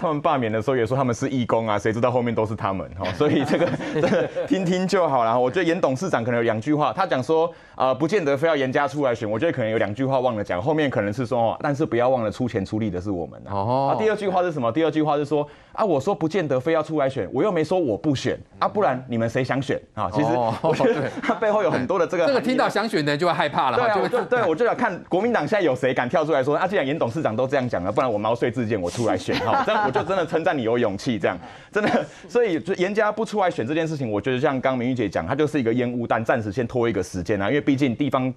他們罷免的時候也說他們是義工啊，誰知道後面都是他們哈、喔，所以這個，這個聽聽就好了。我覺得嚴董事長可能有兩句話，他講說啊、呃，不見得非要嚴家出來選。我覺得可能有兩句話忘了講，後面可能是說哦，但是不要忘了出錢出力的是我們啊。第二句話是什麼？第二句話是說啊，我說不見得非要出來選，我又沒說我不選啊，不然你們誰想選啊？其實我覺得他背後有很多的這個。這個聽到想選的就會害怕了。對啊，我就對我就要看國民黨現在有誰敢跳出來說啊，既然嚴董事長都這樣講了，不然我毛遂自薦我出來選哈、啊，這樣。我就真的稱讚你有勇氣。這樣真的，所以顏家不出來選這件事情，我覺得像剛明玉姐講，她就是一個煙霧彈，暫時先拖一個時間啊，因為畢竟地方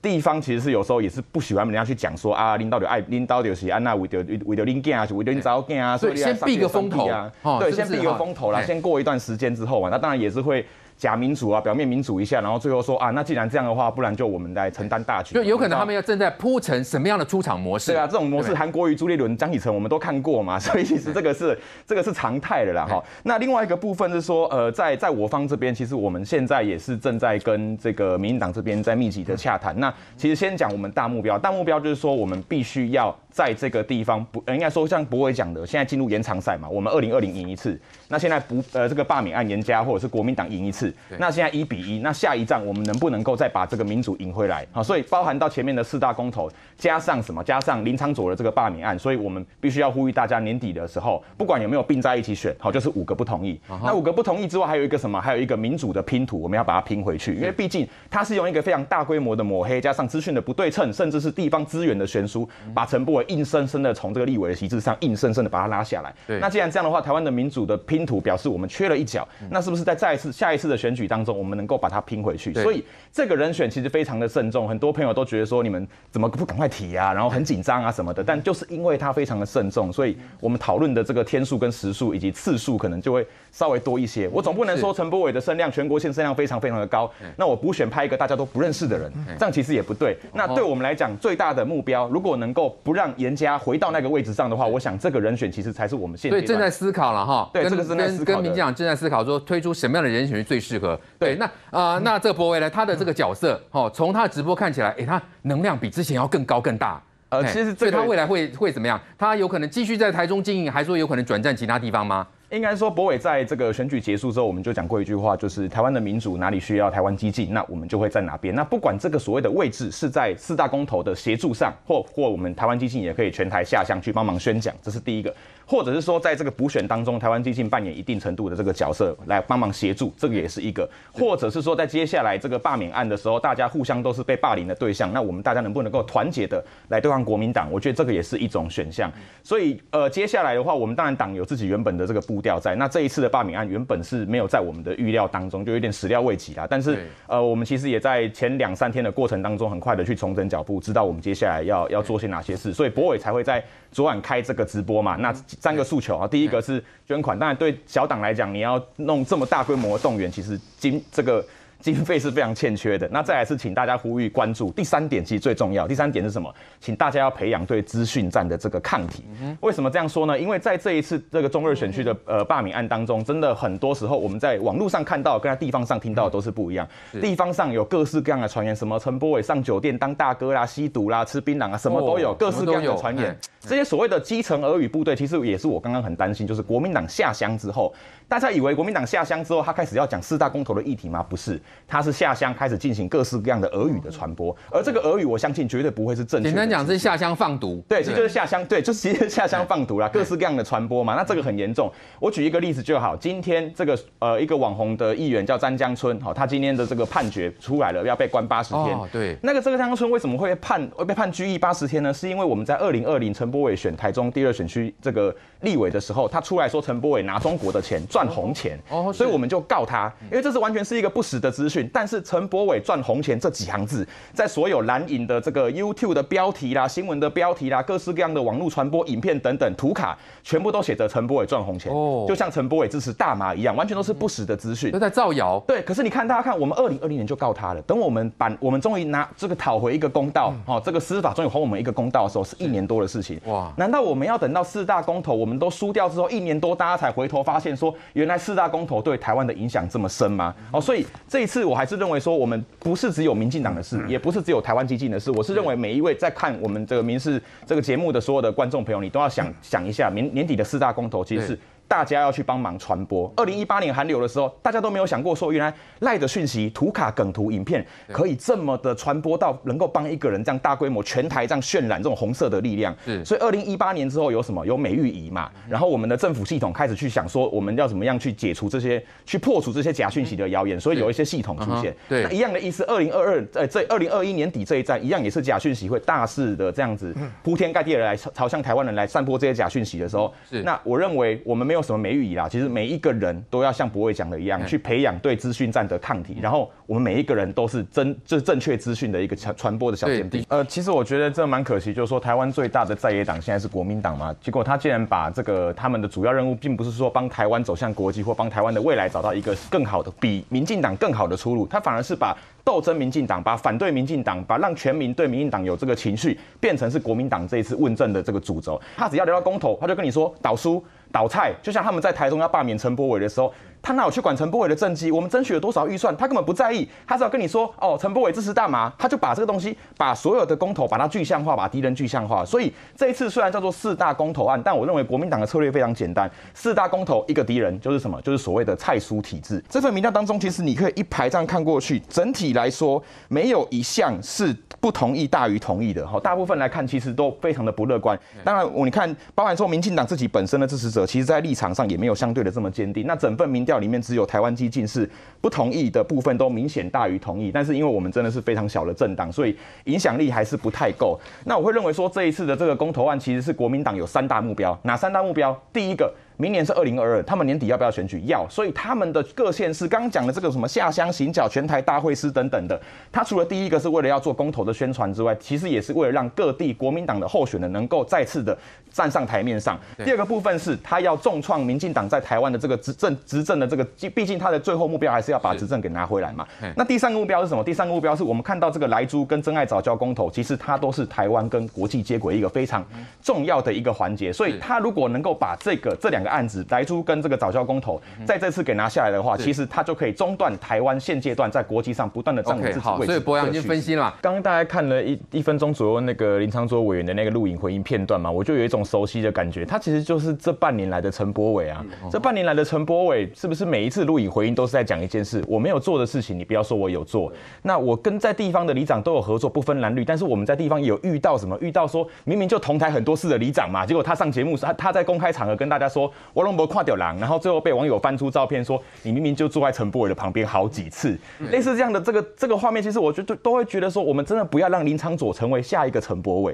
地方其實是有時候也是不喜歡人家去講說啊，你到底愛你到底是安娜為著為著你囝啊，為著你查某囝啊，所以你要、啊、先避個風頭啊，對，先避個風頭啦，先過一段時間之後嘛，那當然也是會。假民主啊，表面民主一下，然後最後說啊，那既然這樣的話，不然就我們來承擔大局。就有可能他們要正在鋪陳什麼樣的出場模式？對啊，這種模式，韓國瑜、朱立倫、江啟臣我們都看過嘛，所以其實這個是 這個是常態的啦。哈， 那另外一個部分是說，呃，在在我方這邊，其實我們現在也是正在跟這個民進黨這邊在密集的洽談。 那其實先講我們大目標，大目標就是說我們必須要。在這個地方不，應該說像柏惟講的，現在進入延長賽嘛。我們二零二零贏一次，那現在不呃這個罷免案嚴加，或者是國民黨贏一次，那現在一比一，那下一仗我們能不能夠再把這個民主贏回來啊、哦？所以包含到前面的四大公投，加上什麼，加上林昶佐的這個罷免案，所以我們必須要呼籲大家年底的時候，不管有沒有併在一起選，好、哦、就是五個不同意。Uh huh. 那五個不同意之外，還有一個什麼？還有一個民主的拼圖，我們要把它拼回去，因為畢竟它是用一個非常大規模的抹黑，加上資訊的不對稱，甚至是地方資源的懸殊，把陳柏惟。硬生生的從這個立委的席次上，硬生生的把它拉下來。對，那既然這樣的話，台灣的民主的拼圖表示我們缺了一角，那是不是在再一次下一次的選舉當中，我們能夠把它拼回去？對 所以這個人選其實非常的慎重，很多朋友都覺得說，你們怎麼不趕快提啊，然後很緊張啊什麼的。但就是因為他非常的慎重，所以我們討論的這個天數跟時數以及次數，可能就會稍微多一些。我總不能說陳柏惟的聲量，全國性聲量非常非常的高，那我補選拍一個大家都不認識的人，這樣其實也不對。那對我們來講，最大的目標，如果能夠不讓顏家回到那個位置上的話，我想這個人選其實才是我們現在。對，正在思考了哈，對，跟這個是在跟民進黨正在思考說推出什麼樣的人選最適合。對，對，那啊，呃、那這個柏惟呢，他的這個角色，哦，從他的直播看起來，誒、欸，他能量比之前要更高更大。呃，欸、其實所以他未來會會怎麼樣？他有可能繼續在台中經營，還說有可能轉戰其他地方嗎？應該說，柏惟在這個選舉結束之後，我們就講過一句話，就是台灣的民主哪裡需要台灣基進，那我們就會在哪邊。那不管這個所謂的位置是在四大公投的協助上，或或我們台灣基進也可以全台下鄉去幫忙宣講，這是第一個；或者是說，在這個補選當中，台灣基進扮演一定程度的這個角色來幫忙協助，這個也是一個；或者是說，在接下來這個罷免案的時候，大家互相都是被霸凌的對象，那我們大家能不能夠團結的來對抗國民黨？我覺得這個也是一種選項。所以，呃，接下來的話，我們當然黨有自己原本的這個部。不掉在，那這一次的罷免案原本是沒有在我們的預料當中，就有點始料未及啦。但是對 呃，我們其實也在前兩三天的過程當中，很快的去重整腳步，知道我們接下來要要做些哪些事，所以柏惟才會在昨晚開這個直播嘛。那三個訴求啊，對 第一個是捐款，對 當然對小黨來講，你要弄這麼大規模的動員，其實今這個。經費是非常欠缺的。那再來是請大家呼籲關注。第三點其實最重要。第三點是什麼？請大家要培養對資訊戰的這個抗體。嗯、哼為什麼這樣說呢？因為在這一次這個中二選區的呃罷免案當中，真的很多時候我們在網絡上看到，跟在地方上聽到的都是不一樣。嗯、地方上有各式各樣的傳言，什麼陳柏惟上酒店當大哥啦、吸毒啦、吃檳榔啊，什麼都有，哦、各式各樣的傳言。嗯嗯、這些所謂的基層俄語部隊，其實也是我剛剛很擔心，就是國民黨下鄉之後，大家以為國民黨下鄉之後，他開始要講四大公投的議題嗎？不是。他是下鄉開始進行各式各樣的耳語的傳播，而這個耳語我相信絕對不會是正確的。簡單講是下鄉放毒，對，這就是下鄉，對，就是其實下鄉放毒啦，各式各樣的傳播嘛。那這個很嚴重，我舉一個例子就好。今天這個呃一個網紅的議員叫詹江村，好，他今天的這個判決出來了，要被關八十天。對，那個這個詹江村為什麼會被判會被判拘役八十天呢？是因為我們在二零二零陳柏惟選台中第二選區這個立委的時候，他出來說陳柏惟拿中國的錢賺紅錢，哦，所以我們就告他，因為這是完全是一個不實的。資訊，但是陳柏惟賺紅錢這幾行字，在所有藍營的這個 YouTube 的標題啦、新聞的標題啦、各式各樣的網絡傳播影片等等圖卡，全部都寫着陳柏惟賺紅錢，哦、就像陳柏惟支持大麻一樣，完全都是不實的資訊、嗯嗯，都在造謠。對，可是你看，大家看，我們二零二零年就告他了，等我們把我們終於拿這個討回一個公道，嗯、哦，這個司法終於還我們一個公道的時候，是一年多的事情。哇，難道我們要等到四大公投我們都輸掉之後，一年多大家才回頭發現說，原來四大公投對台灣的影響這麼深嗎？哦，所以這。次，我還是認為說，我們不是只有民進黨的事，也不是只有台灣基進的事。我是認為，每一位在看我們這個民視這個節目的所有的觀眾朋友，你都要想想一下，年年底的四大公投其實是。大家要去幫忙傳播。二零一八年韓流的時候，大家都沒有想過說，原來賴的訊息、圖卡梗圖、影片，可以這麼的傳播到，能夠幫一個人這樣大規模全台這樣渲染這種紅色的力量。是 所以二零一八年之後有什麼？有美玉姨嘛。然後我們的政府系統開始去想說，我們要怎麼樣去解除這些、去破除這些假訊息的謠言。所以有一些系統出現。對。那一樣的意思。二零二二呃，這二零二一年底這一戰，一樣也是假訊息會大肆的這樣子鋪天蓋地的來朝向台灣人來散播這些假訊息的時候。是。那我認為我們沒有。有什麼沒意義啦！其實每一個人都要像柏惟講的一樣，去培養對資訊戰的抗體。然後我們每一個人都是真，就是正確資訊的一個傳傳播的小尖兵。呃，其實我覺得這蠻可惜，就是說台灣最大的在野黨現在是國民黨嘛，結果他竟然把這個他們的主要任務，並不是說幫台灣走向國際，或幫台灣的未來找到一個更好的比民進黨更好的出路，他反而是把鬥爭民進黨，把反對民進黨，把讓全民對民進黨有這個情緒，變成是國民黨這一次問政的這個主軸。他只要聊到公投，他就跟你說島叔。導倒菜，就像他們在台中要罷免陳柏惟的時候。他哪有去管陳柏惟的政績，我們爭取了多少預算，他根本不在意，他只要跟你說哦，陳柏惟支持大麻，他就把這個東西，把所有的公投把它具象化，把敵人具象化。所以這一次雖然叫做四大公投案，但我認為國民黨的策略非常簡單，四大公投一個敵人就是什麼，就是所謂的蔡蘇體制。這份民調當中，其實你可以一排這樣看過去，整體來說沒有一項是不同意大於同意的，好、哦，大部分來看其實都非常的不樂觀。當然我你看，包含說民進黨自己本身的支持者，其實，在立場上也沒有相對的這麼堅定。那整份民調。裡面只有台灣基進是不同意的部分都明顯大於同意，但是因為我們真的是非常小的政黨，所以影響力還是不太夠。那我會認為說這一次的這個公投案其實是國民黨有三大目標，哪三大目標？第一個。明年是二零二二，他們年底要不要選舉？要，所以他們的各縣市剛講的這個什麼下鄉行腳、全台大會師等等的，他除了第一個是為了要做公投的宣傳之外，其實也是為了讓各地國民黨的候選人能夠再次的站上台面上。對 第二個部分是他要重創民進黨在台灣的這個執政、執政的這個，畢竟他的最後目標還是要把執政給拿回來嘛。是 那第三個目標是什麼？第三個目標是我們看到這個萊豬跟珍愛藻礁公投，其實它都是台灣跟國際接軌一個非常重要的一個環節，所以他如果能夠把這個這兩個。案子萊豬跟這個藻礁公投，在、嗯、這次給拿下來的話，是其實他就可以中斷台灣現階段在國際上不斷的佔領自己位置，okay, 所以博洋已經分析了，剛剛大家看了一一分鐘左右那個林昶佐委員的那個錄影回應片段嘛，我就有一種熟悉的感覺。他其實就是這半年來的陳柏惟啊，嗯哦、這半年來的陳柏惟是不是每一次錄影回應都是在講一件事？我沒有做的事情，你不要說我有做。那我跟在地方的里長都有合作，不分藍綠。但是我們在地方也有遇到什麼？遇到說明明就同台很多次的里長嘛，結果他上節目，他他在公開場合跟大家說。王龍博跨掉狼，然後最後被網友翻出照片說，說你明明就坐在陳柏惟的旁邊好幾次。嗯、類似這樣的這個這個畫面，其實我覺得都會覺得說，我們真的不要讓林昶佐成為下一個陳柏惟。